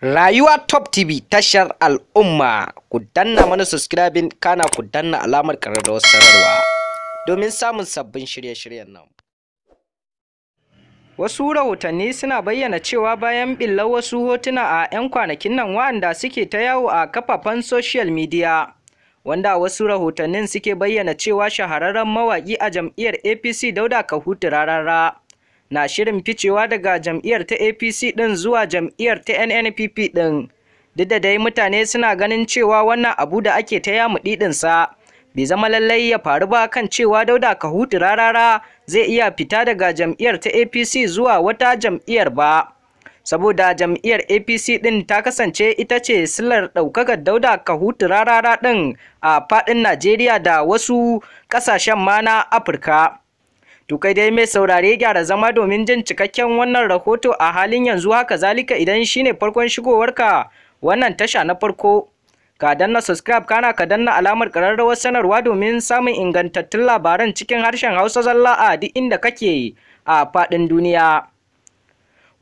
Rayuwa Top TV tashar al'umma ku danna mana subscribing kana ku danna alamar ƙararrawar sararwa, domin samun sabbin shirye-shiryen nan. Wasu rahotanni suna bayyana cewa bayan billar wasu hotuna a 'yan kwanakin nan wa'anda suke ta yawo a kafafen social media wanda wasu rahotannin suke bayyana cewa shahararren mawaƙi a jam'iyyar APC Dauda Kahutu rarara. na shirin ficewa daga jam'iyyar ta APC ɗin zuwa jam'iyyar ta NNPP ɗin. Duk da dai mutane suna ganin cewa wannan abu da ake ta yamuɗi ɗinsa bai zama lallai ya faru ba kan cewa Dauda Kahutu rarara zai iya fita daga jam'iyyar ta APC zuwa wata jam'iyyar ba. Saboda jam'iyyar APC ɗin ta kasance ita ce silar ɗaukakar Dauda Kahutu rarara ɗin a faɗin Najeriya da wasu ƙasashen ma na Afirka. To kai dai mai saurare gyara zama domin jin cikakken wannan rahoto a halin yanzu haka zalika idan shine farkon shigowarka wannan tasha na farko ka danna subscribe kana ka danna alamar kararrawar sanarwa domin samun ingantattun labaran cikin harshen Hausa zalla a duk inda kake a fadin duniya.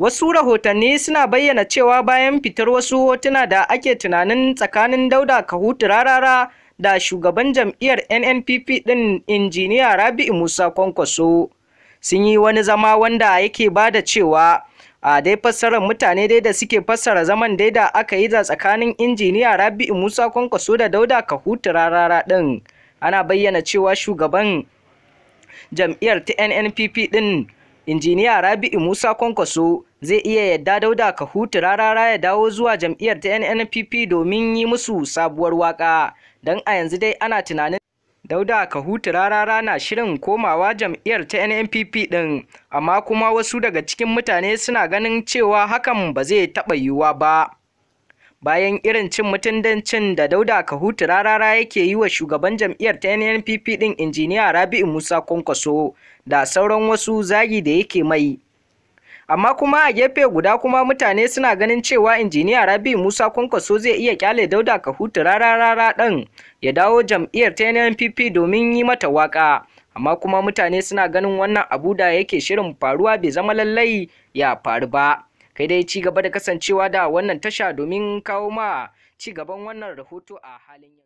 Wasu rahotanni suna bayyana cewa bayan fitar wasu hotuna da ake tunanin tsakanin Dauda Kahutu rarara da shugaban jam'iyyar nnpp ɗin injiniya rabi'u musa kwankwaso sun yi wani zama wanda yake ba da cewa a dai fassarar mutane dai da suke fassara zaman dai da aka yi da tsakanin injiniya rabi'u musa kwankwaso da dauda kahutu rarara ɗin ana bayyana cewa shugaban jam'iyyar ta nnpp ɗin injiniya rabi'u musa kwankwaso zai iya yadda dauda ka hutu rarara ya dawo zuwa jam'iyyar ta nnpp domin yi musu sabuwar waka don a yanzu dai ana tunanin dauda ka hutu rarara na shirin komawa jam'iyyar ta nnpp din amma kuma wasu daga cikin mutane suna ganin cewa hakan ba zai taɓa yiwuwa ba bayan irin cin mutuncin da dauda kahutu rarara yake yi wa shugaban jam'iyyar ta nnpp din injiniya rabi'u musa kwankwaso da sauran wasu zagi da yake mai amma kuma a gefe guda kuma mutane suna ganin cewa injiniya Rabi'u musa kwankwaso zai iya kyale dauda kahutu Rarara ɗan ya dawo jam'iyyar ta nnpp domin yi mata waka amma kuma mutane suna ganin wannan abu da yake shirin faruwa bai zama lallai ya faru ba kai dai ci gaba da kasancewa da wannan tasha domin kawo ma ci gaban wannan rahoto a halin yanzu